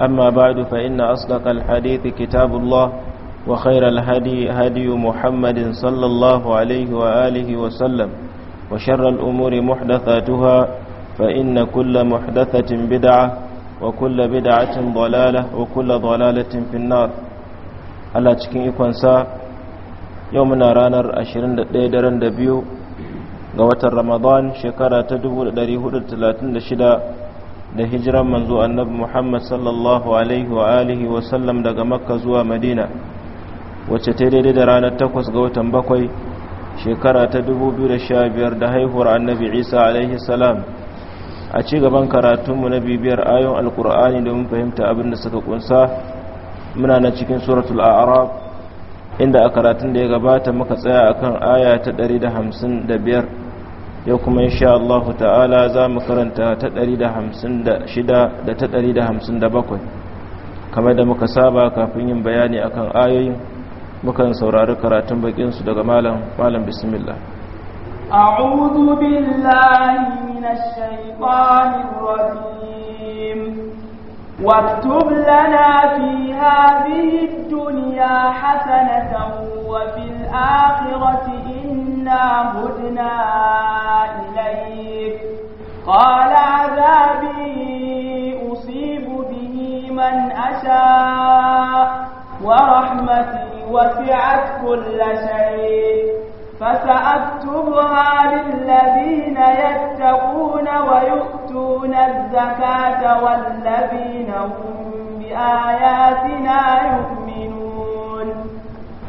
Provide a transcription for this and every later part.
أما بعد فإن أصدق الحديث كتاب الله وخير الهدي هدي محمد صلى الله عليه وآله وسلم وشر الأمور محدثاتها فإن كل محدثة بدعة وكل بدعة ضلالة وكل ضلالة في النار ألا تشكي كونسا يومنا رانر أشرين ديدرن دبيو ga watan ramadan shekara ta 1436 da hijiran manzo annabi Muhammad sallallahu alaihi wa alihi wa sallam daga Makka zuwa Madina wacce ta daidai da ranar 8 ga watan 7 shekara ta 2015 da haihuwar annabi Isa alaihi salam a ci gaban karatunmu na bibiyar ayon alkur'ani domin fahimta abin da suka kunsa muna na cikin suratul Arab, inda a karatun da ya gabata muka tsaya akan aya ta 155 yau kuma insha Allah ta'ala za mu karanta ta 156 da ta 157 kamar da muka saba kafin yin bayani akan ayoyin mukan saurari karatun bakin su daga malam malam bismillah أعوذ بالله من الشيطان الرجيم واكتب لنا في هذه الدنيا حسنة وفي الآخرة إن إنا هدنا إليك قال عذابي أصيب به من أشاء ورحمتي وسعت كل شيء فسأكتبها للذين يتقون ويؤتون الزكاة والذين هم بآياتنا يؤمنون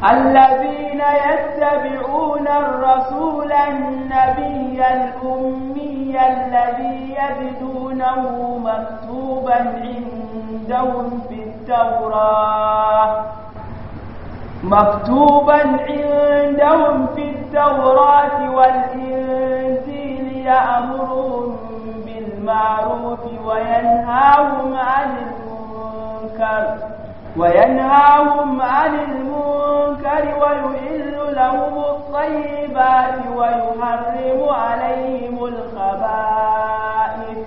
الذين يتبعون الرسول النبي الأمي الذي يجدونه مكتوبا عندهم في التوراة مكتوبا عندهم في التوراة والإنجيل يأمرهم بالمعروف وينهاهم عن المنكر وينهاهم عن المنكر ويحل لهم الطيبات ويحرم عليهم الخبائث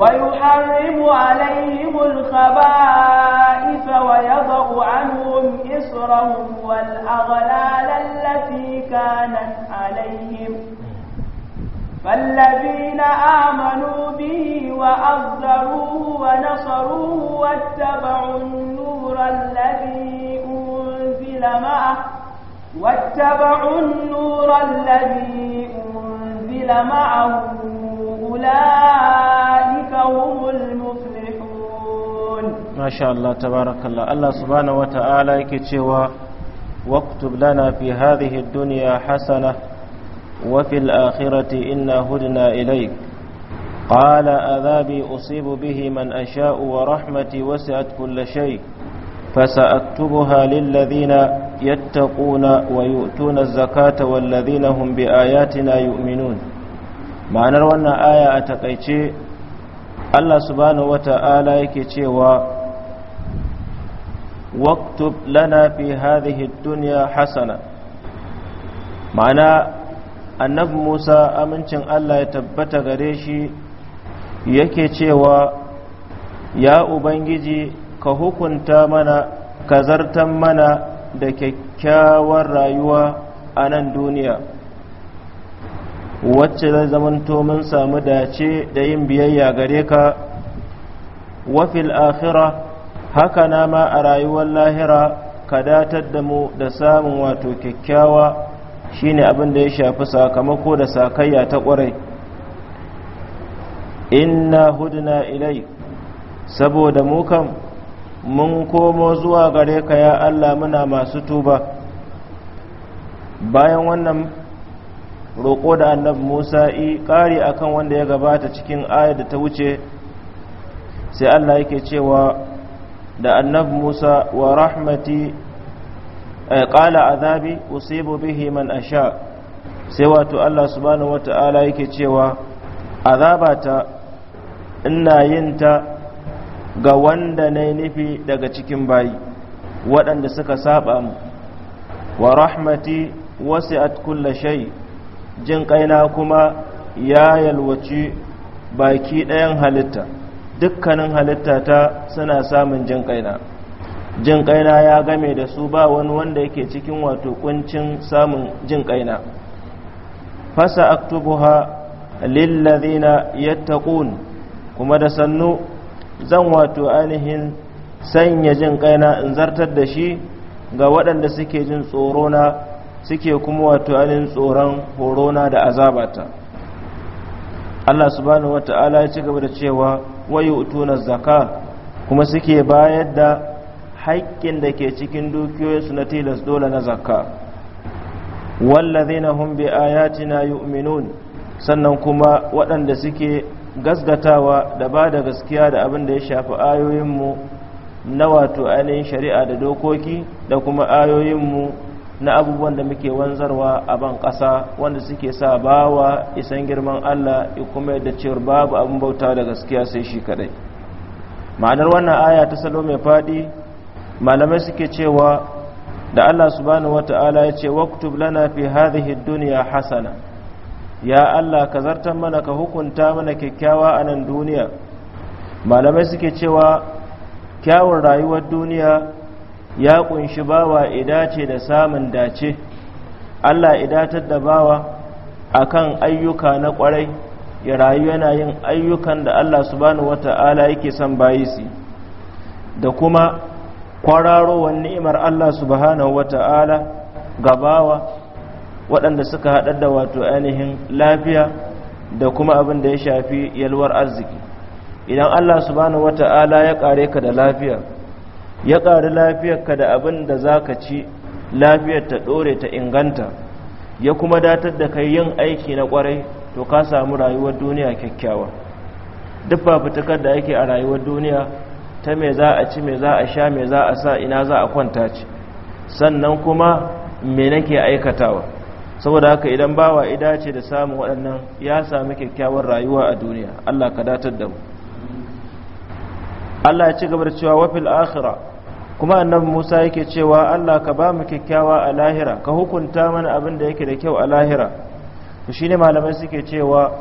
ويحرم عليهم الخبائث ويضع عنهم إصرهم والأغلال التي كانت عليهم فالذين آمنوا به وأصدروه ونصروه واتبعوا النور الذي أنزل معه واتبعوا النور الذي أنزل معه أولئك هم المفلحون ما شاء الله تبارك الله الله سبحانه وتعالى يكتشف واكتب لنا في هذه الدنيا حسنه وفي الآخرة إنا هدنا إليك قال أذابي أصيب به من أشاء ورحمتي وسعت كل شيء فسأكتبها للذين يتقون ويؤتون الزكاة والذين هم بآياتنا يؤمنون ma'anar wannan aya a takaice Allah subhanahu wata'ala yake cewa waktub lana fi hadhihi dunya hasana ma'ana annabi musa amincin allah ya tabbata gare shi yake cewa ya ubangiji ka hukunta mana ka zartan mana da kyakkyawar rayuwa a nan duniya wacce zai zamanto mun samu dace da yin biyayya gare ka wafil akhira haka na ma a rayuwar lahira ka datar da mu da samun wato kyakkyawa shine abin da ya shafi sakamako da sakayya ta kwarai inna hudna ilai saboda mu mun komo zuwa gare ka ya Allah muna masu tuba bayan wannan roƙo da annab Musa i ƙari akan wanda ya gabata cikin ayar da ta wuce sai Allah yake cewa da annab Musa wa rahmati Eh, qala azabi usibu bihi man asha sai wato Allah subhanahu wata'ala yake cewa azabata ina yin ta ga wanda na nufi daga cikin bayi waɗanda suka saba mu wa rahmati wasi'at kulla shay jin kaina kuma ya yalwaci baki ɗayan halitta dukkanin halitta ta suna samun jin kaina jin kaina ya game da su ba wani wanda yake cikin wato kuncin samun jin kaina fasa aktubuha lillazina yattaqun kuma da sannu zan wato ainihin sanya jin kaina in zartar da shi ga waɗanda suke jin tsoro na suke kuma wato ainihin tsoron horona da azabata Allah subhanahu wata'ala ya ci gaba da cewa wayu utuna zakka kuma suke bayar da haƙƙin da ke cikin dukiyoyinsu na tilas dole na zakka wallazina hum bi ayatina yu'minun sannan kuma waɗanda suke gasgatawa da ba da gaskiya da abin da ya shafi ayoyinmu na wato ainihin shari'a da dokoki da kuma ayoyinmu na abubuwan da muke wanzarwa a ban ƙasa wanda suke sa bawa isan girman Allah ya kuma yadda cewar babu abin bauta da gaskiya sai shi kadai ma'anar wannan aya ta salo mai faɗi malamai suke cewa da Allah subhanahu wata'ala ya ce waktub lana fi hadhihi dunya hasana ya Allah ka zartar mana ka hukunta mana kyakkyawa a nan duniya malamai suke cewa kyawun rayuwar duniya ya kunshi bawa idace da samun dace Allah idatar da bawa akan ayyuka na kwarai ya rayu yana yin ayyukan da Allah subhanahu wata'ala yake son bayi su da kuma kwararowar ni'imar Allah subhanahu wata'ala gabawa waɗanda suka haɗa da wato ainihin lafiya da kuma abin da ya shafi yalwar arziki idan Allah subhanahu wata'ala ya ƙare ka da lafiya ya ƙari lafiyarka da abin da za ka ci lafiyar ta ɗore ta inganta ya kuma datar da kai yin aiki na ƙwarai to ka samu rayuwar duniya kyakkyawa duk fafutukar da ake a rayuwar duniya ta me za a ci me za a sha me za a sa ina za a kwanta ci sannan kuma me nake aikatawa saboda haka idan bawa ida ce da samun waɗannan ya sami kyakkyawar rayuwa a duniya Allah ka datar da mu Allah ya ci gaba da cewa wafil akhira kuma annabi Musa yake cewa Allah ka ba mu kyakkyawa a lahira ka hukunta mana abin da yake da kyau a lahira to shine malamai suke cewa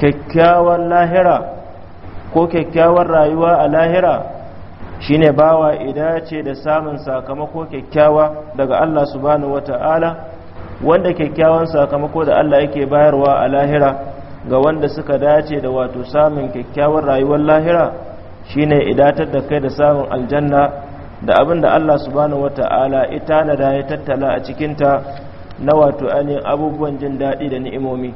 kyakkyawan lahira ko kyakkyawar rayuwa a lahira shi shine bawa idace da samun sakamako kyakkyawa daga Allah subhanahu wata'ala wanda kyakkyawan sakamako da Allah yake bayarwa a lahira ga wanda suka dace da wato samun kyakkyawar rayuwar lahira shi shine idatar da kai da samun aljanna da abin da Allah subhanahu wata'ala ita na da ya tattala a cikinta na wato ainihin abubuwan jin daɗi da ni'imomi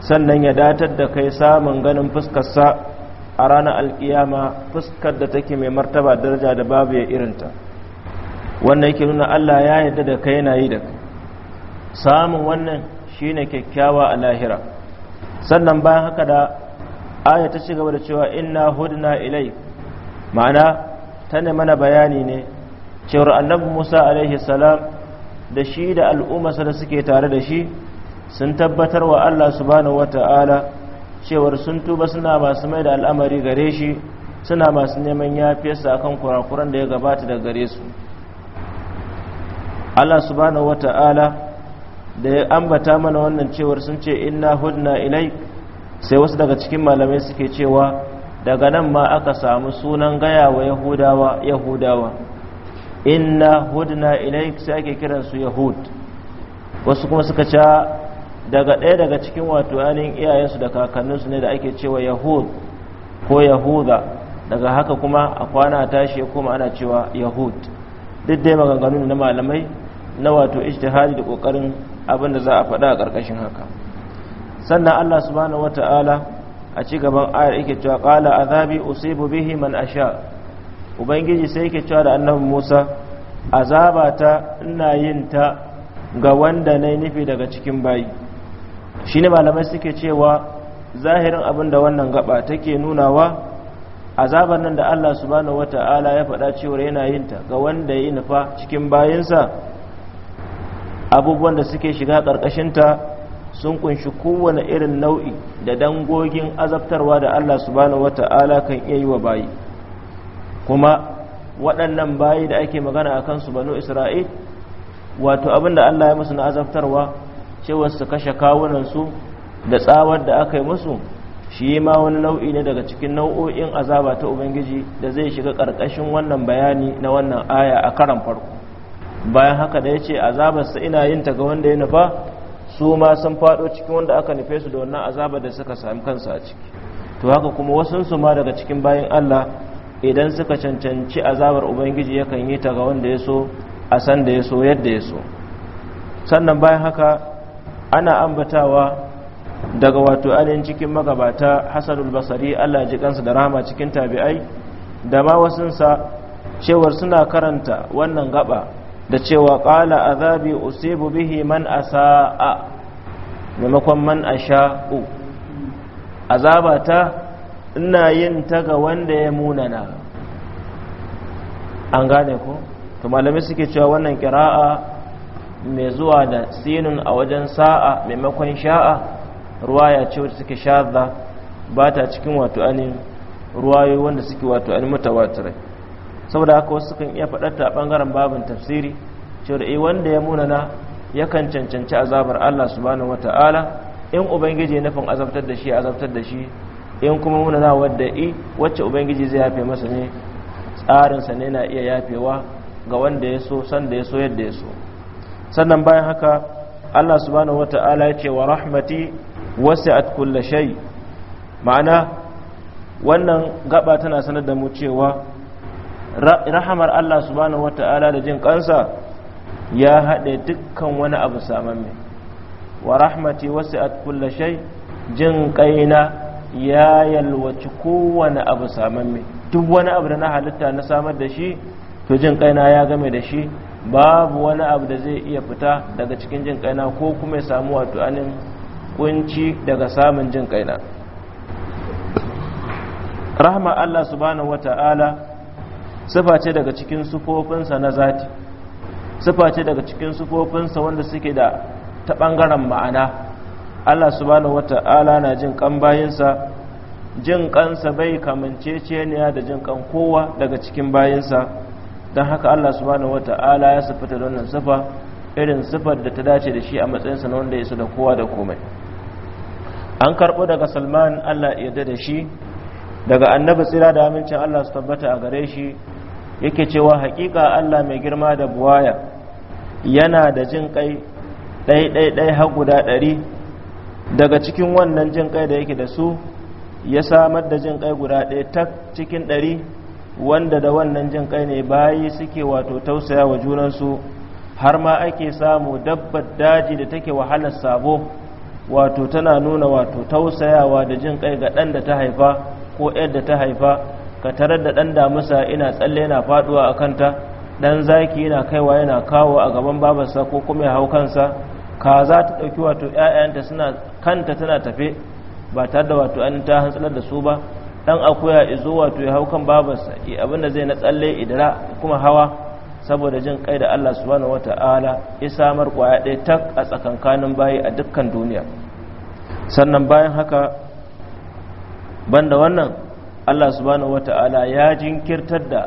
sannan ya datar da kai samun ganin fuskarsa a ranar alkiyama fuskar da take mai martaba daraja da babu ya irinta wannan yake nuna Allah ya yarda da kai yana yi da ka samun wannan shi ne kyakkyawa a lahira sannan bayan haka da aya ta ci gaba da cewa inna hudna ilai ma'ana ta ne mana bayani ne cewar annabi Musa alaihi salam da shi da al'ummarsa da suke tare da shi sun tabbatar wa Allah subhanahu wata'ala cewar sun tuba suna masu mai da al'amari gare shi suna masu neman yafiyarsa akan kurakuran da ya gabata da gare su Allah subhanahu wata'ala da ya ambata mana wannan cewar sun ce inna hudna ilai sai wasu daga cikin malamai suke cewa daga nan ma aka samu sunan gaya wa yahudawa yahudawa inna hudna ilai sai ake kiransu yahud wasu kuma suka ce daga ɗaya daga cikin wato ainihin iyayensu da kakanninsu ne da ake cewa yahud ko yahuda daga haka kuma a kwana tashi ya koma ana cewa yahud duk dai maganganu na malamai na wato ijtihadi da kokarin abin da za a faɗa a ƙarƙashin haka sannan Allah subhanahu wata'ala a ci gaban ayar yake cewa qala azabi usibu bihi man asha ubangiji sai yake cewa da annabi Musa azabata ina yin ta ga wanda nayi nufi daga cikin bayi shine malamai suke cewa zahirin abin da wannan gaba take nunawa azabar nan da Allah subhanahu wata'ala ya faɗa cewa yana yin ta ga wanda ya yi nufa cikin bayansa abubuwan da suke shiga ƙarƙashinta sun kunshi kowane irin nau'i da dangogin azabtarwa da Allah subhanahu wata'ala kan iya yi wa bayi kuma waɗannan bayi da ake magana a kansu banu isra'il wato abin da Allah ya musu na azabtarwa cewa su kashe kawunan su da tsawar da aka yi musu shi ma wani nau'i ne daga cikin nau'o'in azaba ta ubangiji da zai shiga ƙarƙashin wannan bayani na wannan aya a karan farko bayan haka da ya ce azabarsa ina yin ta ga wanda ya nufa su ma sun faɗo cikin wanda aka nufe su da wannan azaba da suka sami kansa a ciki to haka kuma wasunsu ma daga cikin bayan allah idan suka cancanci azabar ubangiji yakan yi ta ga wanda ya so a san da ya so yadda ya so sannan bayan haka ana ambatawa daga wato ainihin cikin magabata hasanul basari allah ji kansa da rahama cikin tabi'ai da ma wasunsa cewar suna karanta wannan gaba da cewa ƙala azabi usibu bihi man asa'a maimakon man asha'u azabata ina yin ta ga wanda ya munana an gane ko to malamai suke cewa wannan ƙira'a. mai zuwa da sinun a wajen sa'a maimakon sha'a ruwa ya ce wacce suke shaza ba ta cikin wato anin ruwayo wanda suke wato anin mutawatirai saboda haka wasu kan iya faɗarta a ɓangaren babin tafsiri cewar eh wanda ya munana yakan cancanci azabar Allah subhanahu wata'ala in ubangiji ya nufin azabtar da shi azabtar da shi in kuma munana wadda i wacce ubangiji zai yafe masa ne tsarinsa ne na iya yafewa ga wanda ya so san da ya so yadda ya so sannan bayan haka Allah subhanahu wata'ala ya ce wa rahmati wasi'at kulli shay ma'ana wannan gaba tana sanar da mu cewa rahamar Allah subhanahu wata'ala da jin kansa ya haɗe dukkan wani abu me, wa rahmati wasi'at kulli shay jin kaina ya yalwaci kowane abu me. duk wani abu da na halitta na samar da shi to jin kaina ya game da shi babu wani abu da zai iya fita daga cikin jin kaina ko kuma ya samu wato anin kunci daga samun jin kaina rahma Allah subhanahu wata'ala sifa ce daga cikin sufofinsa na zati sifa ce daga cikin sufofinsa wanda suke da ta bangaren ma'ana Allah subhanahu wata'ala na jin kan bayinsa jin kansa bai kamanceceniya da jin kan kowa daga cikin bayinsa don haka Allah subhanahu wata'ala ya sifata da wannan sifa irin sifar da ta dace da shi a matsayinsa na wanda ya su da kowa da komai an karɓo daga salman Allah ya da shi daga annabi tsira da amincin Allah su tabbata a gare shi yake cewa hakika Allah mai girma da buwaya yana da jin kai ɗai har guda ɗari daga cikin wannan jin kai da yake da su ya samar da jin kai guda ɗaya tak cikin ɗari wanda da wannan jin kai ne bayi suke wato tausaya wa junansu har ma ake samu dabbar daji da take wahalar sabo wato tana nuna wato tausayawa da jin kai ga ɗan da ta haifa ko ‘yar da ta haifa ka tarar da ɗan damusa ina tsalle yana faɗuwa a kanta ɗan zaki yana kaiwa yana kawo a gaban babarsa ko kuma ya hau kansa ka za ta ɗauki wato ‘ya'yanta suna kanta tana tafe ba tare da wato an ta hantsalar da su ba dan akuya izo wato ya hau kan babarsa abinda zai na tsalle idara kuma hawa saboda jin kai da Allah subhanahu wata'ala ya samar kwaya ɗaya tak a tsakankanin bayi a dukkan duniya sannan bayan haka banda wannan Allah subhanahu wata'ala ya jinkirtar da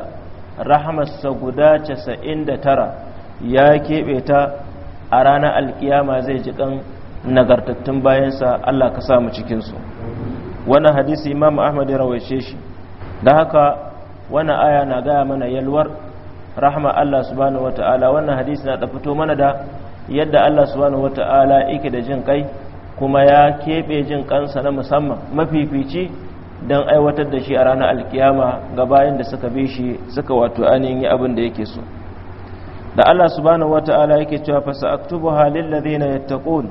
rahamarsa guda 99 ya keɓe ta a ranar alkiyama zai ji kan nagartattun bayansa Allah ka samu cikinsu wannan hadisi imamu ahmad ya rawaice shi da haka wannan aya na gaya mana yalwar rahama Allah subhanahu wata'ala wannan hadisi na fito mana da yadda Allah subhanahu wata'ala yake da jin kai kuma ya keɓe jin kansa na musamman mafifici don aiwatar da shi a ranar alkiyama ga bayan da suka bi shi suka wato ainihin yi abin da yake so da Allah subhanahu wata'ala yake cewa fasa sa'aktubuha lil ladina yattaqun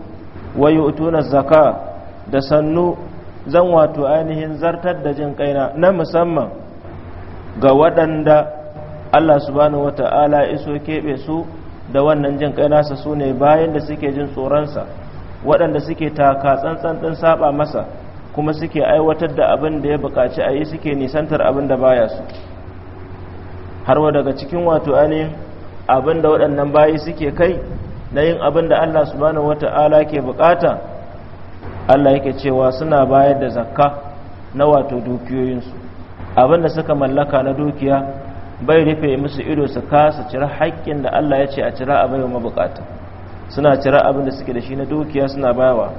wayo yu'tuna zaka da sannu zan wato ainihin zartar da jin kaina na musamman ga waɗanda Allah subhanahu wata'ala iso keɓe su da wannan jin kai nasa su ne bayan da suke jin tsoronsa waɗanda suke taka tsantsan ɗin saba masa kuma suke aiwatar da abin da ya buƙaci a yi suke nisantar abin da baya su har wa daga cikin wato ani abin da waɗannan bayi suke kai na yin abin da Allah subhanahu wata'ala ke buƙata Allah yake cewa suna bayar da zakka na wato dukiyoyinsu abinda suka mallaka na dukiya bai rufe musu ido su kasa cira haƙƙin da Allah ya ce a cira a baiwa mabukata suna cira abin da suke da shi na dukiya suna bayawa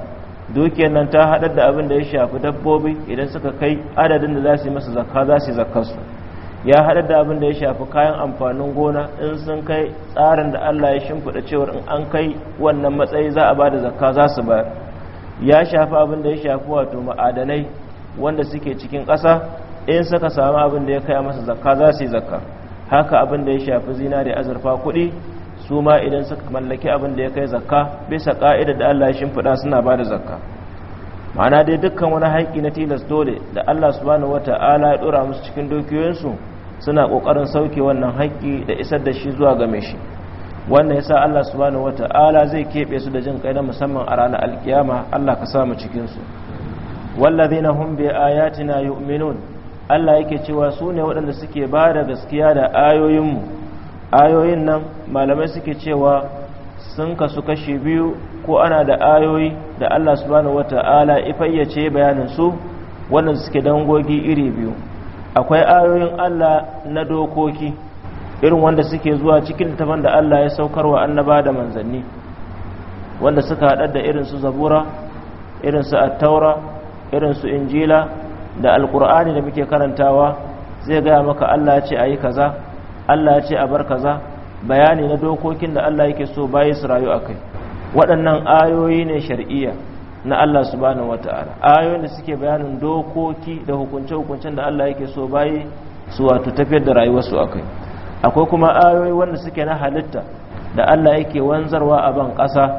dukiyar nan ta haɗar da abin ya shafi dabbobi idan suka kai adadin da za su yi masa zakka za su yi zakkarsu ya haɗar da abinda ya shafi kayan amfanin gona in sun kai tsarin da Allah ya shimfiɗa cewar in an kai wannan matsayi za a ba da zakka za su bayar ya shafi abin da ya shafi wato ma'adanai wanda suke cikin ƙasa in suka samu abin da ya kai masa zakka za su yi zakka haka abin da ya shafi zinari azurfa kuɗi su ma idan suka mallaki abin da ya kai zakka bisa ƙa'ida da Allah ya shimfiɗa suna ba da zakka ma'ana dai dukkan wani haƙƙi na tilas dole da Allah subhanahu wata'ala ya ɗora musu cikin dokiyoyinsu suna ƙoƙarin sauke wannan haƙƙi da isar da shi zuwa game shi wannan yasa Allah subhanahu wata'ala zai kebe su da jin kai na musamman a ranar alkiyama Allah ka samu cikin su humbe hum bi ayatina yu'minun Allah yake cewa su ne waɗanda suke ba da gaskiya da ayoyinmu ayoyin nan malamai suke cewa sun kasu kashi biyu ko ana da ayoyi da Allah wata ala ifayyace bayanin su wannan suke dangogi iri biyu akwai ayoyin Allah na dokoki irin wanda suke zuwa cikin littafin da Allah ya saukar wa annaba da manzanni wanda suka haɗar da irin su zabura irin su attaura irin su injila da alkur'ani da muke karantawa zai gaya maka Allah ya ce a yi kaza Allah ya ce a bar kaza bayani na dokokin da Allah yake so bayi su rayu a kai waɗannan ayoyi ne shar'iyya na Allah subhanahu wata'ala ayoyin da suke bayanin dokoki da hukunce-hukuncen da Allah yake so bayi su wato tafiyar da rayuwarsu a kai akwai kuma ayoyi wanda suke na halitta da Allah yake wanzarwa a ban ƙasa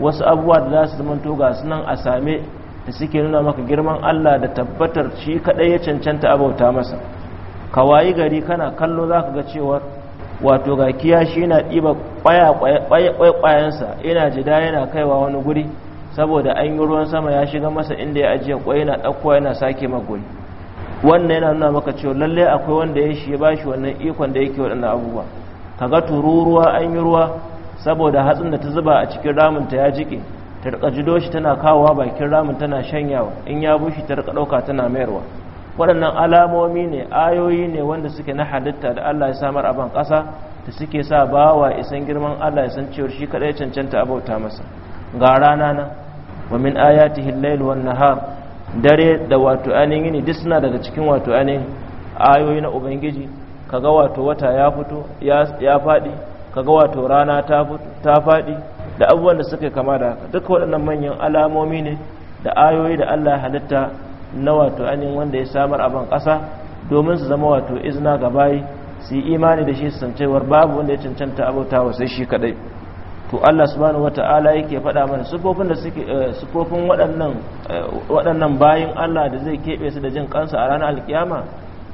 wasu abubuwa da za su zama toga sunan a same da suke nuna maka girman Allah da tabbatar shi kaɗai ya cancanta abauta masa ka wayi gari kana kallo za ka ga cewa wato ga shi yana ɗiba ƙwayayensa yana jida yana kaiwa wani guri saboda an yi ruwan sama ya shiga masa inda ya ajiye ƙwai na ɗauko yana sake maguri wannan yana nuna maka cewa lalle akwai wanda ya shi ya bashi wannan ikon da yake wadannan abubuwa ga tururuwa an yi ruwa saboda hatsin da ta zuba a cikin ramin ta ya jike ta rika jido shi tana kawowa bakin ramin tana shanyawa in ya bushe ta rika ɗauka tana mayarwa waɗannan alamomi ne ayoyi ne wanda suke na halitta da Allah ya samar a ban ƙasa da suke sa bawa isan girman Allah ya san cewa shi kaɗai cancanta abauta masa ga rana na wa min ayatihi al wan nahar dare da wato ainihin yini duk suna daga cikin wato ainihin ayoyi na ubangiji kaga wato wata ya fito ya faɗi kaga wato rana ta faɗi da abubuwan da suka kama da haka duka waɗannan manyan alamomi ne da ayoyi da allah halitta na wato ainihin wanda ya samar a ban ƙasa domin su zama wato izina ga bayi su yi imani da shi su san cewar babu wanda ya cancanta abota wasai sai shi kaɗai to Allah subhanahu wata'ala yake faɗa mana sufofin da suke eh, sufofin waɗannan eh, waɗannan bayin Allah da zai keɓe su da jin kansa a ranar alkiyama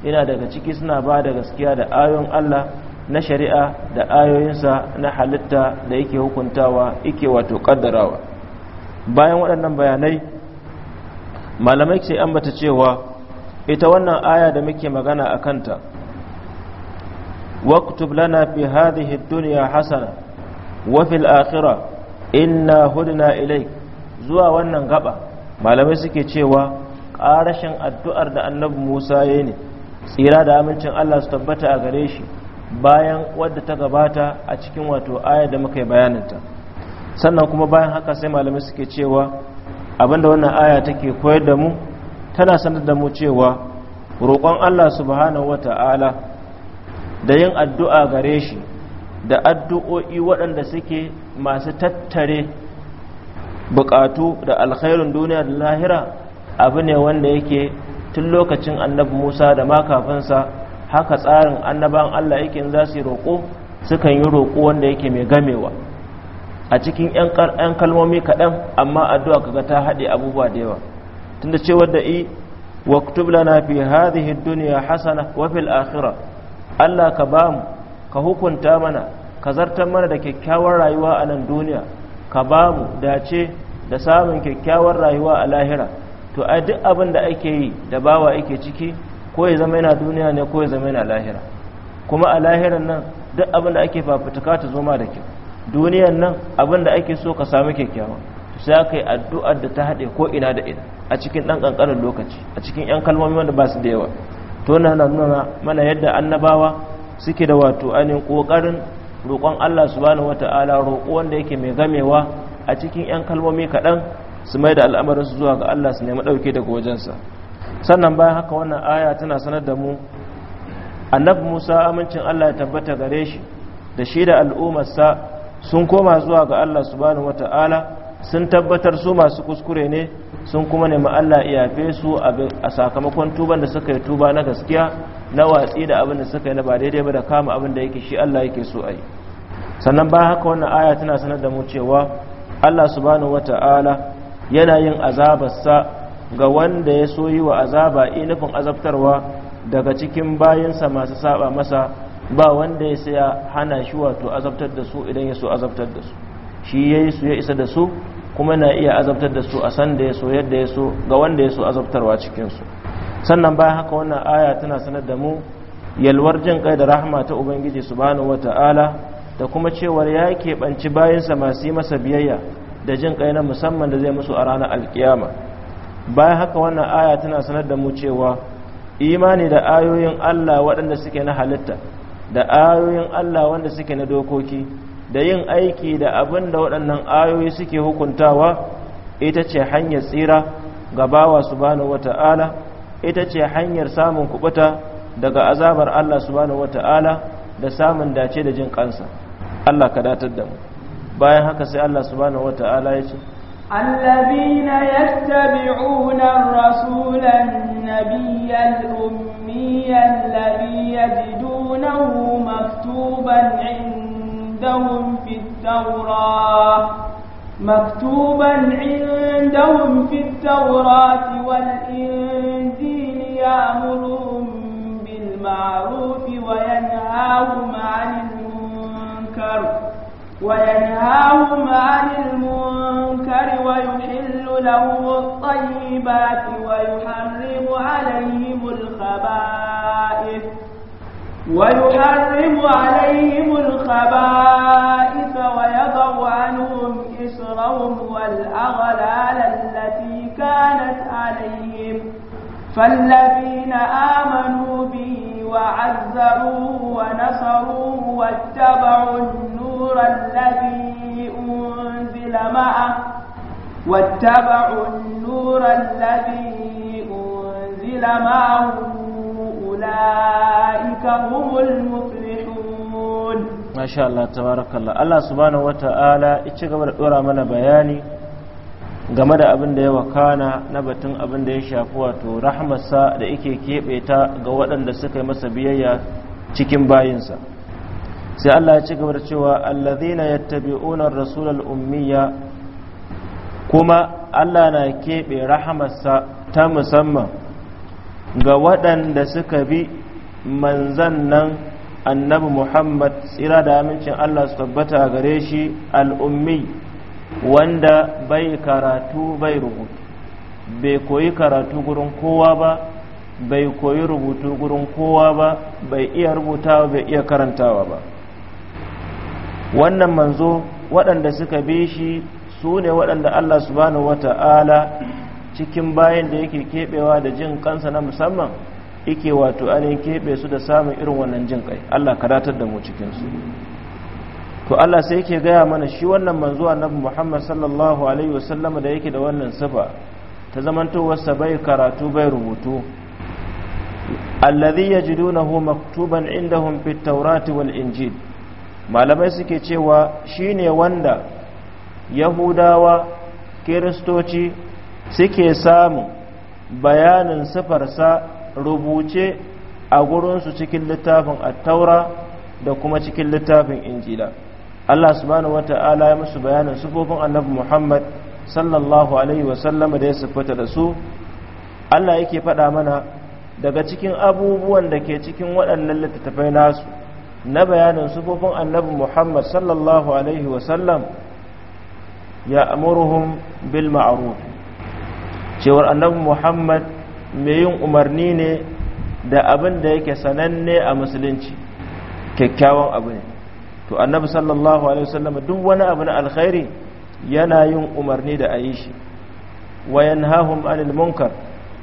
yana daga ciki suna ba da gaskiya da ayoyin Allah na shari'a da ayoyinsa na halitta da yake hukuntawa yake wato kaddarawa bayan waɗannan bayanai malamai ce ambata cewa ita wannan aya da muke magana a kanta waktub lana fi hadhihi dunya hasana wa fil akhirah inna hudna ilai, zuwa wannan gaba malamai suke cewa ƙarashin addu'ar da annabi Musa ya ne tsira da amincin Allah su tabbata a gare shi bayan wadda ta gabata a cikin wato aya da muka yi bayaninta sannan kuma bayan haka sai malamai suke cewa abinda wannan aya take koyar da mu tana sanar da mu cewa roƙon Allah subhanahu wata'ala da yin addu'a gare shi da addu'o'i waɗanda suke masu tattare buƙatu da alkhairun duniya da lahira abu ne wanda yake tun lokacin annabi musa da makafinsa haka tsarin annaban allah yake za su yi roƙo sukan yi roƙo wanda yake mai gamewa a cikin 'yan kalmomi kaɗan amma addu'a kaga ta haɗe abubuwa da yawa tunda cewar da i waktub lana fi hadhihi dunya hasana wa fil akhirah allah ka bamu ka hukunta mana ka zartar mana da kyakkyawar rayuwa a nan duniya ka ba mu dace da samun kyakkyawar rayuwa a lahira to ai duk abin da ake yi da bawa ake ciki ko ya zama yana duniya ne ko ya zama yana lahira kuma a lahiran nan duk abin da ake fafutuka ta zo da kyau duniyan nan abin da ake so ka samu kyakkyawa sai aka yi addu'ar da ta haɗe ko ina da ina a cikin ɗan ƙanƙanin lokaci a cikin 'yan kalmomi wanda ba su da yawa to na nuna mana yadda annabawa suke da wato ainihin ƙoƙarin roƙon Allah subhanahu ta'ala roƙo wanda yake mai gamewa a cikin 'yan kalmomi kaɗan su mai da al'amarinsu zuwa ga Allah su nemi ɗauke daga wajensa sannan bayan haka wannan aya tana sanar da mu annabi musa amincin Allah ya tabbata gare shi da shi da al'ummarsa sun koma zuwa ga Allah subhanahu ta'ala sun tabbatar su masu kuskure ne sun kuma nemi Allah iyafe su a sakamakon tuban da suka yi tuba na gaskiya na watsi da abin da suka yi na ba daidai ba da kama abin da yake shi Allah yake so ayi, sannan ba haka wannan aya tana sanar da mu cewa Allah subhanahu wata'ala yana yin azabarsa ga wanda ya so yi wa azaba inufin azabtarwa daga cikin bayansa masu saba masa ba wanda ya saya hana shi wato azabtar da su idan ya so azabtar da su shi ya yi su ya isa da su kuma na iya azabtar da su a san da ya so yadda ya so ga wanda ya so azabtarwa cikinsu sannan bayan haka wannan aya tana sanar da mu yalwar jin kai da rahama ta ubangiji subhanahu wata'ala da kuma cewar ya keɓanci bayansa masu yi masa biyayya da jin kai na musamman da zai musu a ranar alkiyama bayan haka wannan aya tana sanar da mu cewa imani da ayoyin Allah waɗanda suke na halitta da ayoyin Allah wanda suke na dokoki da yin aiki da abin da waɗannan ayoyi suke hukuntawa ita ce hanyar tsira ga bawa subhanahu wata'ala ita ce hanyar samun kubuta daga azabar Allah subhanahu wata'ala da samun dace da jin kansa Allah ka datar da mu bayan haka sai Allah subhanahu wata'ala ya ce الذين يتبعون rasulan ويحرم عليهم الخبائث ويضع عنهم إسرهم والأغلال التي كانت عليهم فالذين آمنوا به وعزروه ونصروه واتبعوا النور الذي أنزل معه واتبعوا النور الذي أنزل معه أولئك هم المفلحون ما شاء الله تبارك الله الله سبحانه وتعالى da الأورا من بياني game da abin da ya wakana na batun abin da ya shafi wato rahmarsa da yake keɓe ta ga waɗanda suka yi masa biyayya cikin bayinsa sai Allah ya ci gaba da cewa allazina yattabi'una ar-rasulal ummiya kuma Allah na keɓe rahamarsa ta musamman ga waɗanda suka bi manzan nan annabi muhammad tsira da amincin allah su tabbata gare shi al'ummi wanda bai karatu bai rubutu bai koyi karatu gurin kowa ba bai koyi rubutu gurin kowa ba bai iya rubutawa bai iya karantawa ba wannan manzo waɗanda suka bi shi su ne waɗanda allah subhanahu wata'ala cikin bayan da yake keɓewa da jin kansa na musamman yake wato yi keɓe su da samun irin wannan jin kai Allah ka datar da mu cikinsu to Allah sai yake gaya mana shi wannan manzo annabi Muhammad sallallahu alaihi wasallam da yake da wannan sifa ta zamantowarsa bai karatu bai rubutu alladhi yajidunahu maktuban indahum fit tawrati wal injil malamai suke cewa shine wanda yahudawa kiristoci suke samun bayanin sifarsa rubuce a gurinsu cikin littafin attaura da kuma cikin littafin injila Allah subhanahu wata'ala ya musu bayanin sufofin annabi Muhammad sallallahu alaihi wa sallam da ya siffata da su Allah yake faɗa mana daga cikin abubuwan da ke cikin waɗannan littattafai nasu na bayanin sufofin annabi Muhammad sallallahu alaihi wa sallam ya amuruhum bil ma'ruf cewar annabi muhammad mai yin umarni ne da abin da yake sananne a musulunci kyakkyawan abu ne to annabi sallallahu alaihi wasallam duk wani abu na alkhairi yana yin umarni da ayi shi wa yanhahum anil munkar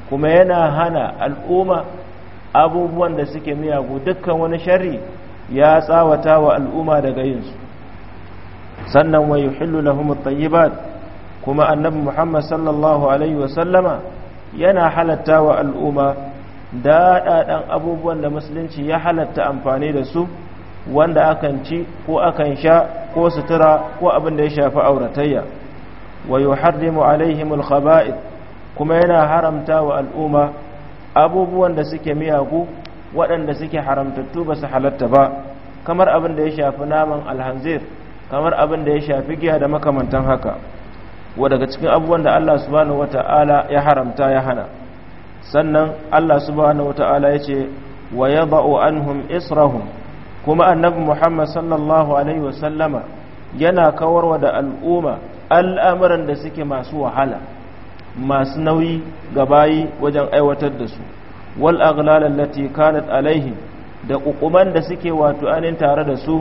kuma yana hana al'umma abubuwan da suke miyagu dukkan wani sharri ya tsawata wa al'umma daga yinsu sannan wa yuhillu lahum at-tayyibat kuma annabi muhammad sallallahu alaihi wasallama yana halatta wa al'umma daɗaɗan abubuwan da musulunci ya halatta amfani da su wanda akan ci ko akan sha ko sutura ko abin da ya shafi auratayya wa yuharrimu alaihimul khaba'ith kuma yana haramta wa al'umma abubuwan da suke miyagu waɗanda suke haramtattu ba su halatta ba kamar abin da ya shafi naman alhanzir kamar abin da ya shafi giya da makamantan haka wa daga cikin abubuwan da Allah subhanahu wata'ala ya haramta ya hana sannan Allah subhanahu wata'ala ya ce wa yada'u anhum israhun kuma annabi Muhammad sallallahu alaihi wa sallama yana kawarwa da al'umma al'amuran da suke masu wahala masu nauyi ga bayi wajen aiwatar da su wal aghlalan lati kanat alaihim da kukuman da suke wato anin tare da su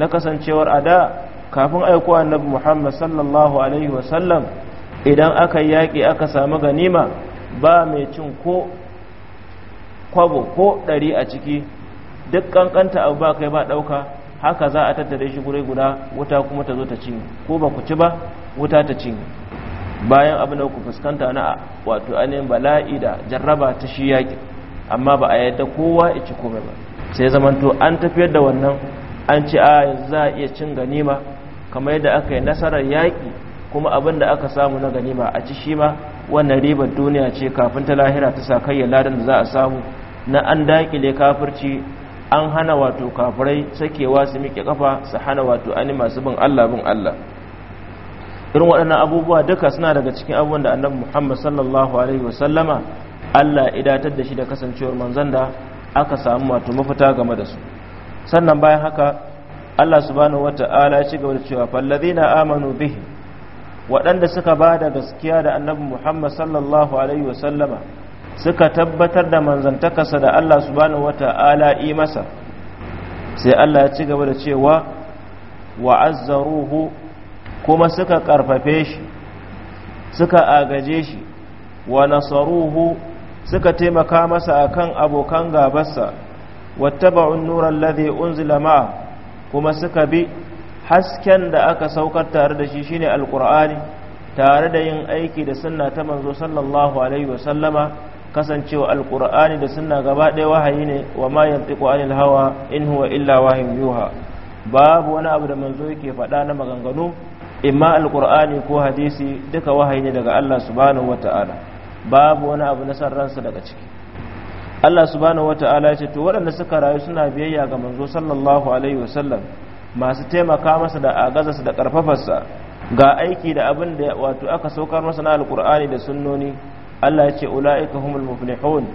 na kasancewar ada kafin aiko annabi muhammad sallallahu alaihi wasallam idan aka yaki aka samu ganima ba mai cin ko kwabo ko ɗari a ciki duk ƙanƙanta abu ba kai ba ɗauka haka za a tattare shi gure guda wuta kuma ta zo ta cinye ko ba ku ci ba wuta ta cinye bayan abu na ku fuskanta na wato ainihin bala'i da jarraba ta shi yaƙi amma ba a yadda kowa ya ci komai ba sai zamanto an tafiyar da wannan an ci a yanzu za a iya cin ganima kamar yadda aka yi nasarar yaƙi kuma abin da aka samu na ganima a ci shi ma wannan ribar duniya ce kafin ta lahira ta sa sakayyar ladan da za a samu na an daƙile kafirci an hana wato kafirai sakewa su miƙe kafa su hana wato ani masu bin Allah bin Allah irin waɗannan abubuwa duka suna daga cikin abubuwan da annabi Muhammad sallallahu alaihi wasallama Allah idatar da shi da kasancewar manzon da aka samu wato mafita game da su sannan bayan haka Allah subhanahu wata'ala ya ci gaba da cewa fallazina amanu bihi waɗanda suka ba da gaskiya da annabi Muhammad sallallahu alaihi wa sallama suka tabbatar da manzantakarsa da Allah subhanahu wata'ala yi masa sai Allah ya ci gaba da cewa wa'azzaruhu kuma suka karfafe shi suka agaje shi wa nasaruhu suka taimaka masa akan abokan gabarsa wattaba'un nuran ladhi unzila ma'a kuma suka bi hasken da aka saukar tare da shi shine alqur'ani tare da yin aiki da sunna ta manzo sallallahu alaihi wa sallama kasancewa alqur'ani da sunna gaba ɗaya wahayi ne wa ma yantiqu anil hawa in huwa illa wahyin yuha babu wani abu da manzo yake faɗa na maganganu imma alqur'ani ko hadisi duka wahayi ne daga Allah subhanahu wataala babu wani abu na san ransa daga ciki Allah subhanahu wata'ala ya ce to waɗanda suka rayu suna biyayya ga manzo sallallahu alaihi wasallam masu taimaka masa da agazarsa da karfafarsa ga aiki da abin da wato aka saukar masa na alkur'ani da sunnoni Allah ya ce ula'ika humul muflihun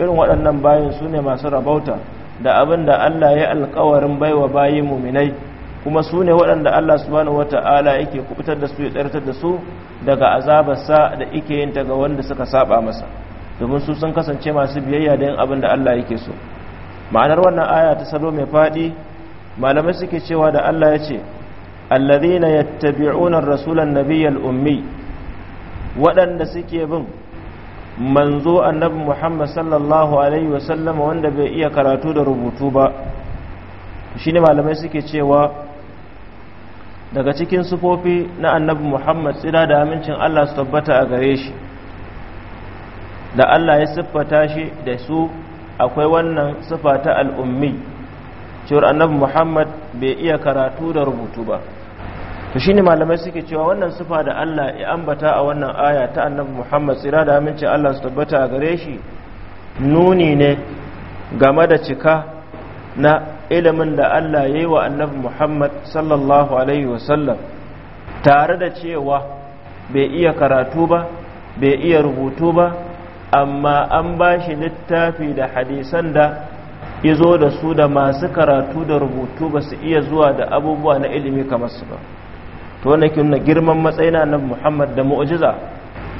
irin waɗannan bayin su ne masu rabauta da abin da Allah ya alkawarin baiwa bayi muminai kuma su ne waɗanda Allah subhanahu wata'ala yake kubutar da su ya tsartar da su daga azabarsa da yake yin ta ga wanda suka saba masa domin su sun kasance masu biyayya da yin abin da Allah yake so ma'anar wannan aya ta salo mai faɗi malamai suke cewa da Allah ya ce allazina yattabi'una rasulan nabiyyal ummi waɗanda suke bin manzo annabi Muhammad sallallahu alaihi wasallam wanda bai iya karatu da rubutu ba shine malamai suke cewa daga cikin sufofi na annabi Muhammad tsira da amincin Allah su tabbata a gare shi da Allah ya siffata shi da su akwai wannan siffa ta al'ummi cewar annabi Muhammad bai iya karatu da rubutu ba to shine malamai suke cewa wannan siffa da Allah ya ambata a wannan aya ta annabi Muhammad tsira da aminci Allah su tabbata a gare shi nuni ne game da cika na ilimin da Allah ya yi wa annabi Muhammad sallallahu alaihi wasallam tare da cewa bai iya karatu ba bai iya rubutu ba amma an ba shi littafi da hadisan da ya zo da su da masu karatu da rubutu ba su iya zuwa da abubuwa na ilimi kamar su ba to wanda ke nuna girman matsayin annabi Muhammad da mu'jiza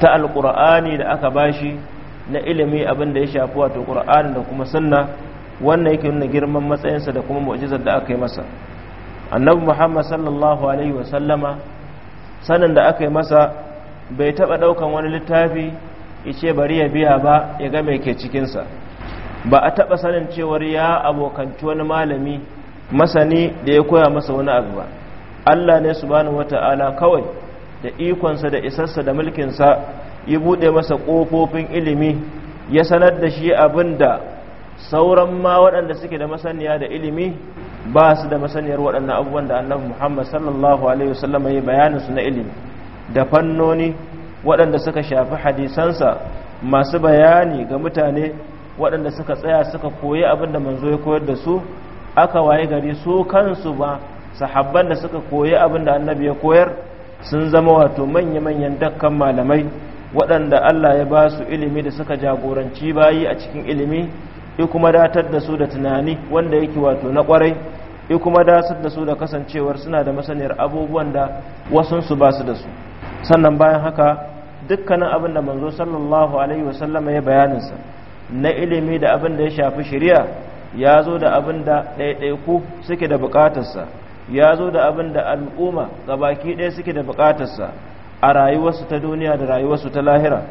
ta alƙur'ani da aka ba shi na ilimi abin da ya shafi wato ƙur'ani da kuma sunna wannan yake nuna girman matsayinsa da kuma mu'jizar da aka yi masa annabi Muhammad sallallahu alaihi wa sallama sanin da aka yi masa bai taɓa ɗaukan wani littafi ice bari ya biya ba ya ga mai ke cikinsa ba a taɓa sanin cewar ya abokanci wani malami masani da ya koya masa wani abu ba allah ne subhanahu wata'ala kawai da ikonsa da isarsa da mulkinsa ya buɗe masa ƙofofin ilimi ya sanar da shi abinda sauran ma waɗanda suke da masaniya da ilimi ba su da masaniyar waɗannan abubuwan da annabi muhammad sallallahu alaihi wasallam ya bayanin su na ilimi da fannoni waɗanda suka shafi hadisansa masu bayani ga mutane waɗanda suka tsaya suka koyi abin da manzo ya koyar da su aka waye gari su kansu ba sahabban da suka koyi abin da annabi ya koyar sun zama wato manya-manyan dakkan malamai waɗanda Allah ya ba su ilimi da suka jagoranci bayi a cikin ilimi ya kuma datar da su da tunani wanda yake wato na ƙwarai ya kuma datar da su da kasancewar suna da masaniyar abubuwan da wasunsu ba su da su sannan bayan haka dukkanin abin da manzo sallallahu alaihi wasallama ya bayaninsa na ilimi da abin da ya shafi shari'a ya zo da abin da ɗaiɗaiku suke da buƙatarsa ya zo da abin da al'umma gabaki ɗaya suke da buƙatarsa a rayuwarsu ta duniya da rayuwarsu ta lahira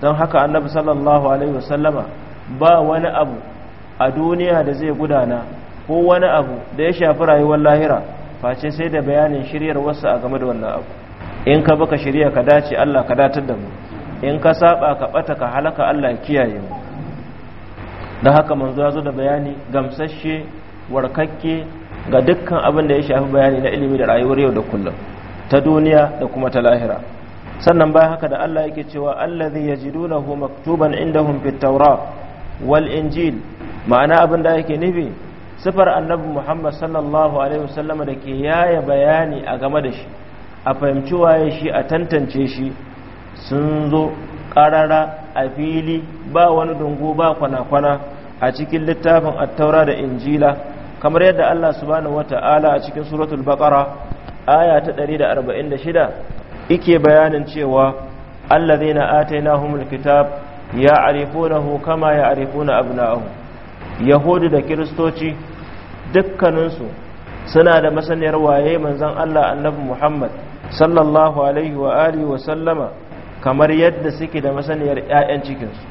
don haka annabi sallallahu alaihi wasallama ba wani abu a duniya da zai gudana ko wani abu da ya shafi rayuwar lahira face sai da bayanin shiryar wasu a game da wannan abu in ka baka shirya ka dace Allah ka datar da mu in ka saba ka bata ka halaka Allah ya kiyaye mu da haka manzo ya zo da bayani gamsasshe warkakke ga dukkan abin da ya shafi bayani na ilimi da rayuwar yau da kullum ta duniya da kuma ta lahira sannan bayan haka da Allah yake cewa allazi yajidunahu maktuban indahum fit tawra wal injil ma'ana abin da yake nufi sifar annabi Muhammad sallallahu alaihi wasallam da ke yaya bayani a game da shi a fahimci waye shi a tantance shi sun zo karara a fili ba wani dungu ba kwana-kwana a cikin littafin attaura da injila kamar yadda Allah subhanahu wata'ala a cikin suratul baqara aya ta 146 Ike bayanin cewa allazina atainahumul kitab ya'rifunahu kama ya'rifuna abna'ahum yahudu da kiristoci dukkaninsu suna da masaniyar waye manzon Allah annabi Muhammad sallallahu alaihi wa alihi wa sallama kamar yadda suke da masaniyar ƴaƴan cikinsu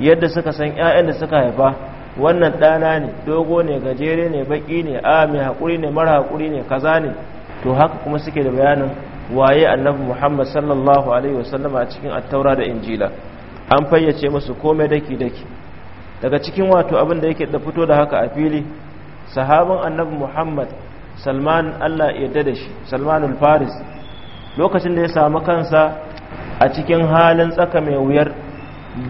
yadda suka san ƴaƴan da suka haifa wannan ɗana ne dogo ne gajere ne baƙi ne a mai haƙuri ne mara haƙuri ne kaza ne to haka kuma suke da bayanin waye annabi muhammad sallallahu alaihi wa sallama a cikin attaura da injila an fayyace musu komai daki daki daga cikin wato abin da yake da fito da haka a fili sahaban annabi muhammad salman allah yadda da shi salmanul faris lokacin da ya samu kansa a cikin halin tsaka mai wuyar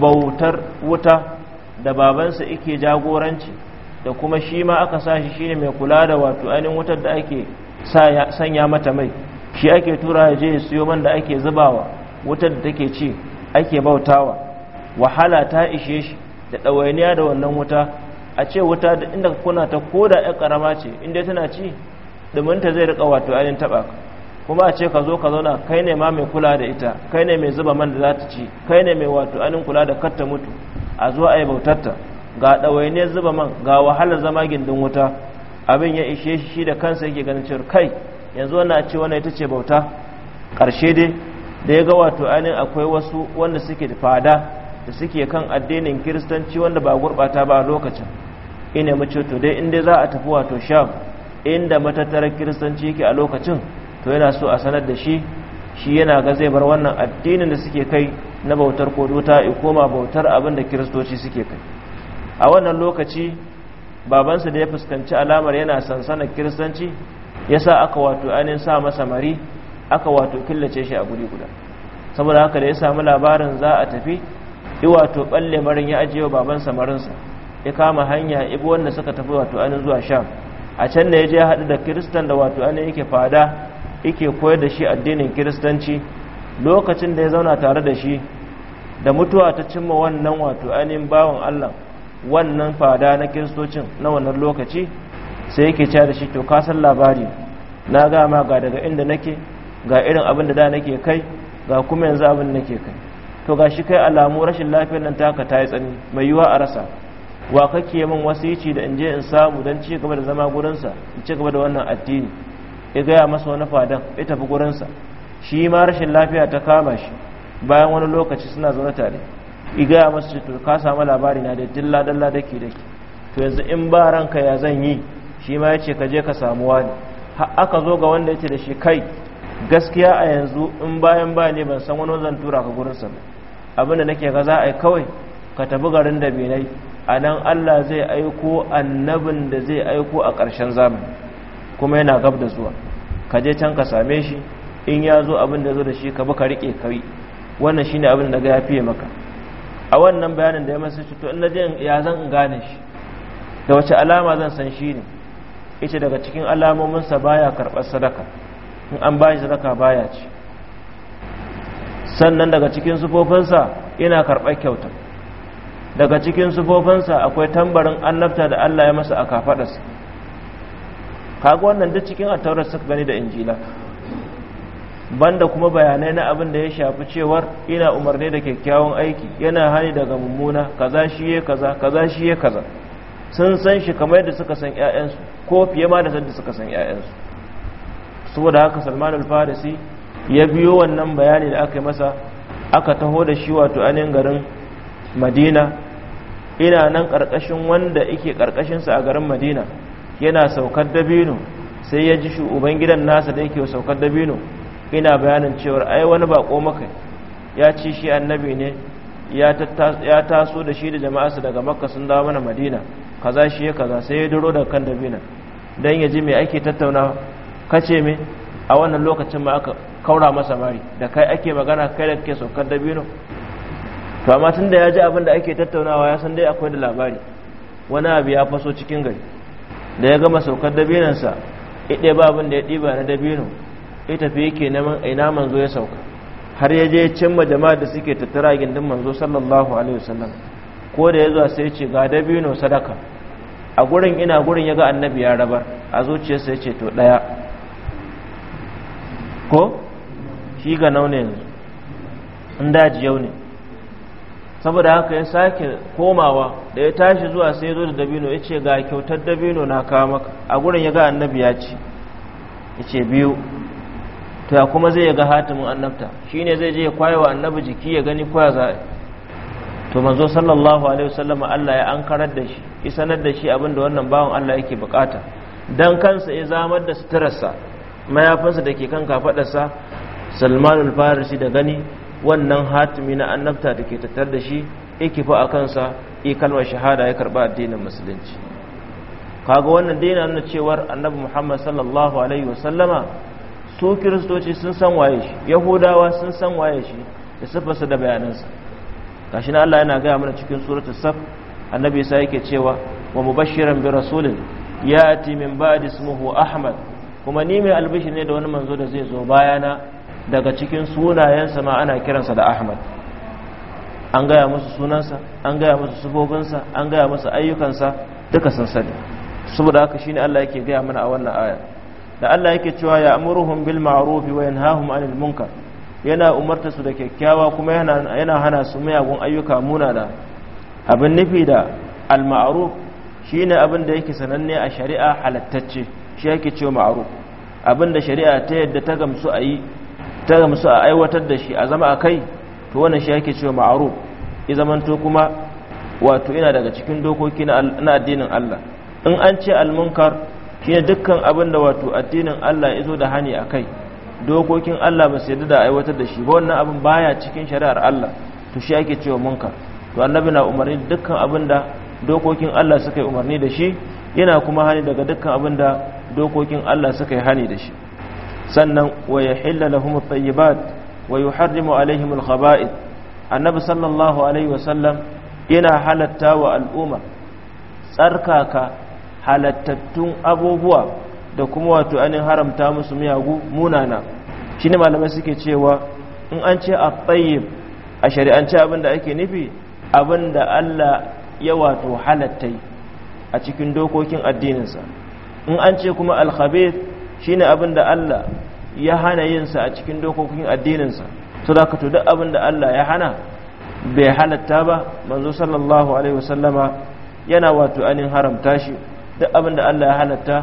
bautar wuta da babansa ike jagoranci da kuma shi ma aka sa shi shine mai kula da wato ainihin wutar da ake sanya mata mai shi ake tura ya je ya siyo man da ake zubawa wutar da take ce ake bautawa wahala ta ishe shi da ɗawainiya da wannan wuta a ce wuta da inda kuna ta koda ya ƙarama ce inda tana ci ta zai riƙa wato ainihin taɓa kuma a ce ka zo ka zauna kai ne ma mai kula da ita kai ne mai zuba man da za ta ci kai ne mai wato ainihin kula da kar mutu a zo a yi bautarta ga ɗawainiyar zuba man ga wahalar zama gindin wuta abin ya ishe shi da kansa yake ganin cewar kai yanzu wannan a ce wannan ita ce bauta ƙarshe dai da ya ga wato ainihin akwai wasu wanda suke da fada da suke kan addinin kiristanci wanda ba gurɓata ba a lokacin ina mace to dai in dai za a tafi wato sham inda matattarar kiristanci yake a lokacin to yana so a sanar da shi shi yana ga zai bar wannan addinin da suke kai na bautar kodota ya koma bautar abin da kiristoci suke kai a wannan lokaci babansa da ya fuskanci alamar yana sansanar kiristanci ya sa aka wato ainihin sa masa mari aka wato killace shi a guri guda saboda haka da ya samu labarin za a tafi yi wato balle marin ya ajiye wa babansa marinsa ya kama hanya ibi wanda suka tafi wato ainihin zuwa sham a can ne ya je haɗu da kiristan da wato ana yake fada yake koyar da shi addinin kiristanci lokacin da ya zauna tare da shi da mutuwa ta cimma wannan wato ainihin bawan Allah wannan fada na kiristocin na wannan lokaci sai yake cewa da shi to ka san labari na ga ga daga inda nake ga irin abin da da nake kai ga kuma yanzu abin nake kai to ga shi kai alamu rashin lafiyar nan taka ta yi tsani mai yiwa a rasa wa kake min wasici da in je in samu don ci gaba da zama gurinsa in ci gaba da wannan addini ya gaya masa wani fadan ya tafi gurinsa shi ma rashin lafiya ta kama shi bayan wani lokaci suna zaune tare ya gaya masa to ka samu labari na da dilla dalla dake dake to yanzu in ba ranka ya zan yi shi ma ya ce ka je ka samu wani har aka zo ga wanda yake da shi kai gaskiya a yanzu in bayan ba ne ban san wani zan tura ka gurinsa ba abinda nake ga za a yi kawai ka tafi garin da benai a nan Allah zai aiko annabin da zai aiko a ƙarshen zamani kuma yana gab da zuwa ka je can ka same shi in ya zo abin da zo da shi ka baka riƙe kai wannan shine abin da ga ya fiye maka a wannan bayanin da ya masa to in naje ya zan gane shi da wace alama zan san shi ne ita daga cikin alamomin sa baya karɓar sadaka in an bashi sadaka baya ci sannan daga cikin sufofinsa yana karɓar kyautar. daga cikin sufofinsa akwai tambarin annabta da Allah ya masa a kafadarsa kaga wannan duk cikin attaurar suka gani da injila banda kuma bayanai na abin da ya shafi cewar ina umarni da kyakkyawan aiki yana hani daga mummuna kaza shi ya kaza kaza shi ya kaza sun san shi kamar yadda suka san ƴaƴansu ko fiye ma da yadda suka san ƴaƴansu saboda haka Salman al-Farisi ya biyo wannan bayani da aka yi masa aka taho da shi wato anin garin Madina ina nan ƙarƙashin wanda yake ƙarƙashinsa a garin madina yana saukar dabino sai ya ji shi ubangidan nasa da yake saukar dabino ina bayanin cewar ai wani bako maka ya ci shi annabi ne ya taso da shi da jama'arsa daga makka sun dawo mana madina kaza shi ya kaza sai ya duro daga kan dabina don ya ji mai ake tattauna kace me a wannan lokacin ma aka kaura masa mari da kai ake magana kai da kake saukar dabino to tun da ya ji abin da ake tattaunawa ya san dai akwai da labari wani abu ya faso cikin gari da ya gama saukar dabinansa ita ba abin da ya ɗiba na dabino ya tafi yake neman ina manzo ya sauka har ya je cimma majama da suke tattara gindin manzo sallallahu alaihi wasallam ko da ya zuwa sai ce ga dabino sadaka a gurin ina gurin ya ga annabi ya rabar a zuciyarsa ya ce to ɗaya ko shi ga naune yanzu in daji yau ne saboda haka ya sake komawa da ya tashi zuwa sai ya zo da dabino ya ce ga kyautar dabino na kawo maka a gurin ya ga annabi ya ce ya ce biyu to ya kuma zai ga hatimin annabta ne zai je ya wa annabi jiki ya gani kwaya za a to manzo sallallahu alaihi wasallam Allah ya ankarar da shi isanar da shi abinda wannan bawan Allah yake bukata dan kansa ya zamar da suturarsa mayafinsa da ke kan kafadarsa salmanul farisi da gani wannan hatimi na annabta da ke tattar da shi yake fa a kansa yi kalmar shahada ya karba addinin musulunci kaga wannan daina nuna cewar annabi muhammad sallallahu alaihi wasallama su kiristoci sun san waye shi yahudawa sun san waye shi da siffarsa da bayanansa gashi na allah yana gaya mana cikin suratul saf annabi sa yake cewa wa mubashiran bi rasulin yati min ba'di ismuhu ahmad kuma ni mai albishi ne da wani manzo da zai zo bayana daga cikin sunayensa ma ana kiransa da ahmad an gaya musu sunansa an gaya musu sufofinsa an gaya musu ayyukansa duka sun sani saboda haka shine Allah yake gaya mana a wannan aya da Allah yake cewa ya amuruhum bil ma'ruf wa yanhahum 'anil munkar yana umarta su da kyakkyawa kuma yana yana hana su miyagun ayyuka da abin nufi da al ma'ruf shine abin da yake sananne a shari'a halattacce shi yake cewa ma'ruf abin da shari'a ta yadda ta gamsu a yi ta musu a aiwatar da shi a zama a kai to wannan shi yake cewa ma'aruf ya zamanto kuma wato yana daga cikin dokoki na addinin Allah in an ce almunkar shine dukkan abin da wato addinin Allah ya zo da hani a kai dokokin Allah ba su yarda da aiwatar da shi ba wannan abin baya cikin shari'ar Allah to shi yake cewa munkar to annabi na umarni dukkan abin da dokokin Allah suka yi umarni da shi yana kuma hani daga dukkan abin da dokokin Allah suka yi hani da shi sannan wa ya lahum at-tayyibat wa yuharrimu alaihim al annabi sallallahu alaihi wasallam yana halatta wa al'umma tsarkaka halattattun abubuwa da kuma wato anin haramta musu miyagu munana shine malamai suke cewa in an ce a tayyib a shari'ance abin da ake nufi abinda Allah ya wato halattai a cikin dokokin addininsa in an ce kuma al shine abin da Allah ya hana yin sa a cikin dokokin addininsa, sa to da duk abin da Allah ya hana bai halatta ba manzo sallallahu alaihi wasallama yana wato anin haramta shi duk abin da Allah ya halatta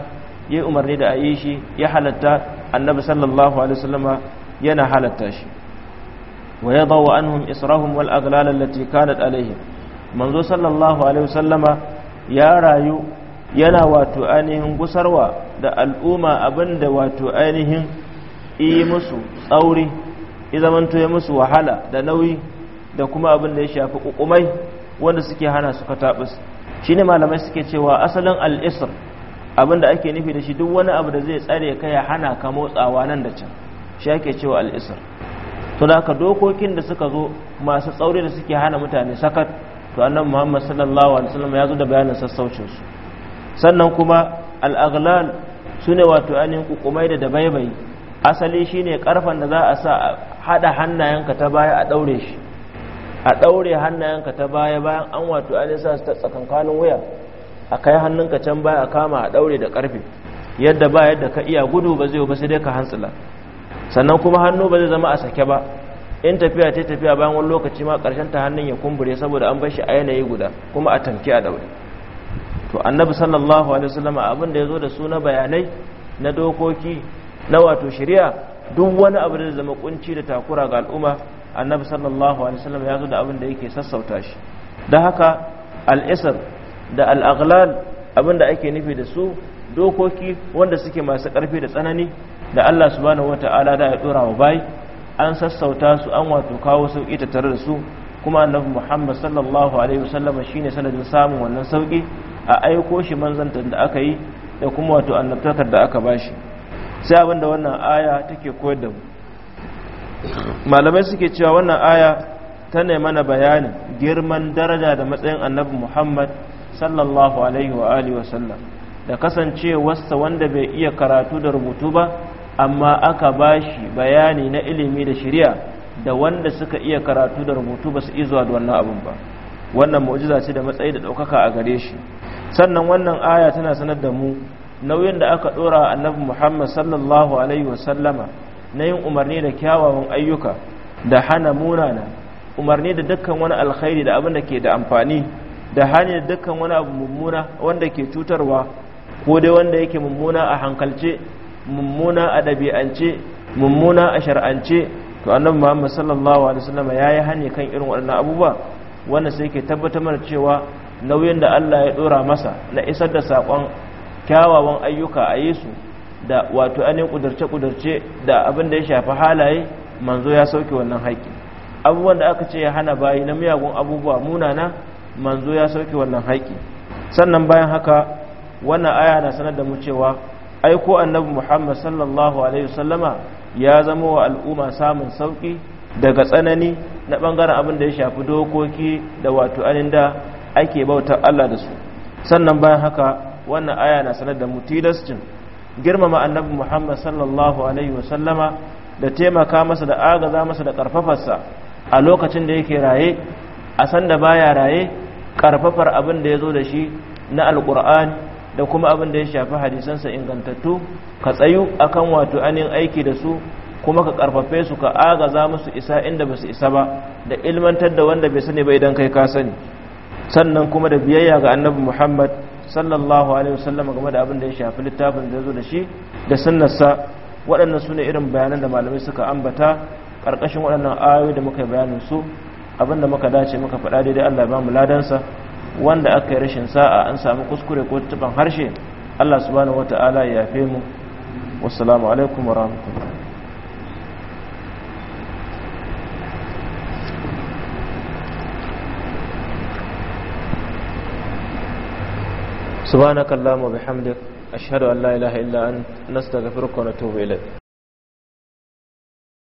yayi umarni da ayi shi ya halatta annabi sallallahu alaihi wasallama yana halatta shi wa yadaw anhum israhum wal aghlal allati kanat alaihim manzo sallallahu alaihi wasallama ya rayu yana wato ainihin gusarwa da al'umma abin da wato ainihin yi musu tsauri izamanto ya musu wahala da nauyi da kuma abin da ya shafi ƙuƙumai wanda suke hana suka kataɓus shi ne malamai suke cewa asalin al'isar abin da ake nufi da shi duk wani abu da zai tsare ka ya hana ka motsawa nan da can shi ake cewa al'isar to da ka dokokin da suka zo masu tsauri da suke hana mutane sakat to annan muhammad sallallahu alaihi wasallam ya zo da bayanin sassaucin su sannan kuma al'aglal su ne wato ainihin kukumai da dabaibai asali shine karfan da za a sa a hada hannayenka ta baya a daure shi a daure hannayenka ta baya bayan an wato ainihin sa su ta tsakankanin wuya a kai hannunka can baya a kama a daure da karfe yadda ba yadda ka iya gudu ba zai ba sai dai ka hantsila sannan kuma hannu ba zai zama a sake ba in tafiya ta tafiya bayan wani lokaci ma karshen ta hannun ya kumbure saboda an bar shi a yanayi guda kuma a tamke a daure to annabi sallallahu alaihi wasallam abin da yazo da su na bayanai na dokoki na wato shari'a duk wani abu da zama kunci da takura ga al'umma annabi sallallahu alaihi wasallam ya zo da abin da yake sassauta shi da haka al al'isar da al-aghlal abin da ake nufi da su dokoki wanda suke masu karfi da tsanani da Allah subhanahu wata'ala da ya dora wa bai an sassauta su an wato kawo sauki ta tare da su kuma annabi Muhammad sallallahu alaihi wasallam shine sanadin samun wannan sauki a aiko shi manzantar da aka yi da kuma wato annabtakar da aka bashi sai abinda wannan aya take koyar da mu malamai suke cewa wannan aya ta ne mana bayanin girman daraja da matsayin annabi muhammad sallallahu alaihi wa alihi wa sallam da kasancewarsa wanda bai iya karatu da rubutu ba amma aka ba shi bayani na ilimi da shari'a da wanda suka iya karatu da rubutu ba su izuwa da wannan abin ba wannan mu'jiza ce da matsayi da ɗaukaka a gare shi sannan wannan aya tana sanar da mu nauyin da aka ɗora annabi muhammad sallallahu alaihi wasallama na yin umarni da kyawawan ayyuka da hana munana umarni da dukkan wani alkhairi da abin da ke da amfani da hani da dukkan wani abu mummuna wanda ke cutarwa ko dai wanda yake mummuna a hankalce mummuna a ɗabi'ance mummuna a shar'ance to annabi muhammad sallallahu alaihi wasallama ya yi hani kan irin waɗannan abubuwa wanda sai ke tabbatar mana cewa nauyin da Allah ya dora masa na isar da sakon kyawawan ayyuka a Yesu da wato anin kudurce-kudurce da abin da ya shafi halaye manzo ya sauke wannan haƙƙi abubuwan da aka ce ya hana bayi na miyagun abubuwa munana manzo ya sauke wannan haƙƙi sannan bayan haka wannan aya na sanar da mu cewa aiko annabi Muhammad sallallahu alaihi wasallama ya zama wa al'umma samun sauki daga tsanani na ɓangaren abin da ya shafi dokoki da wato anin da ake bautar Allah da su sannan bayan haka wannan aya na sanar da mu girmama annabi Muhammad sallallahu alaihi wa sallama da taimaka masa da agaza masa da karfafarsa a lokacin da yake raye a san da baya raye ƙarfafar abin da ya zo da shi na Alƙur'ani da kuma abin da ya shafi hadisansa ingantattu ka tsayu akan wato anin aiki da su kuma ka karfafe su ka agaza musu isa inda ba su isa ba da ilmantar da wanda bai sani ba idan kai ka sani sannan kuma da biyayya ga annabi muhammad sallallahu alaihi wasallam game da abin da ya shafi littafin da zo da shi da sunnarsa waɗannan su ne irin bayanan da malamai suka ambata ƙarƙashin waɗannan ayoyi da muka yi su abin da muka dace muka faɗa daidai Allah ba mu sa wanda aka yi rashin sa'a an samu kuskure ko tuban harshe Allah subhanahu wata'ala ya yafe mu wassalamu alaikum wa subhanakallahumma bihamdik ashhadu an la ilaha illa anta nastaghfiruka wa natubu ilayk